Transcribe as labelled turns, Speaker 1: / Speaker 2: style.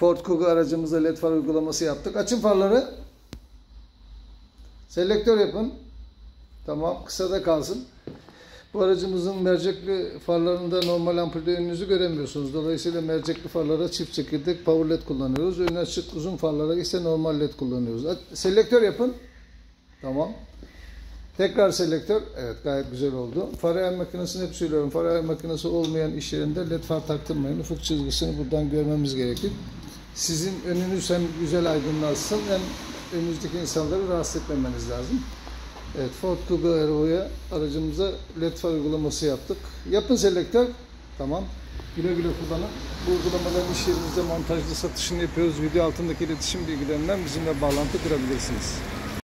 Speaker 1: Ford Kuga aracımıza led far uygulaması yaptık. Açın farları. Selektör yapın. Tamam. kısa da kalsın. Bu aracımızın mercekli farlarında normal ampulde önünüzü göremiyorsunuz. Dolayısıyla mercekli farlara çift çekirdek power led kullanıyoruz. Önü açık uzun farlara ise normal led kullanıyoruz. Selektör yapın. Tamam. Tekrar selektör. Evet gayet güzel oldu. Far ayar makinesini hep söylüyorum. Far ayar makinesi olmayan iş yerinde led far taktırmayın. Ufuk çizgisini buradan görmemiz gerekir sizin önünüz hem güzel aydınlansın hem önünüzdeki insanları rahatsız etmemeniz lazım. Evet, Ford Kuga arabaya aracımıza led far uygulaması yaptık. Yapın selektör. Tamam. Güle güle kullanın. Bu uygulamaların iş yerinizde montajlı satışını yapıyoruz. Video altındaki iletişim bilgilerinden bizimle bağlantı
Speaker 2: kurabilirsiniz.